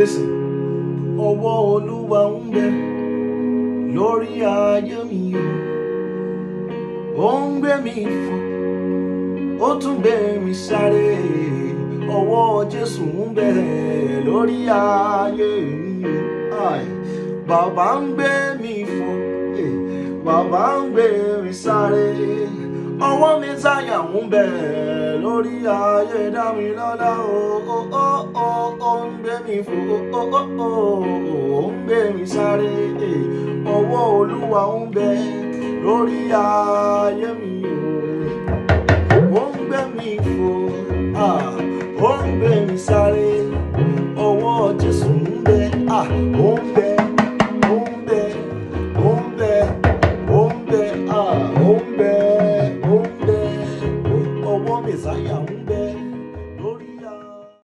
listen ọwọ́ olúwa ń bẹ lórí ayé mi o ó ń gbé mi fò ó tún gbé mi sáré ọwọ́ jésù ń bẹ lórí ayé mi o bàbá ń gbé mi fò eh, bàbá ń gbé mi sáré ọwọ́ mi sáyà ń bẹ lórí ayé dá mi lọ́lá o. Oh, oh, oh, fò ó ń gbé mi sáré ọwọ́ olúwa ń bẹ lórí ayé mi ó ń gbé mi fò ó ń mi sáré ọwọ́ jésù ń bẹ ó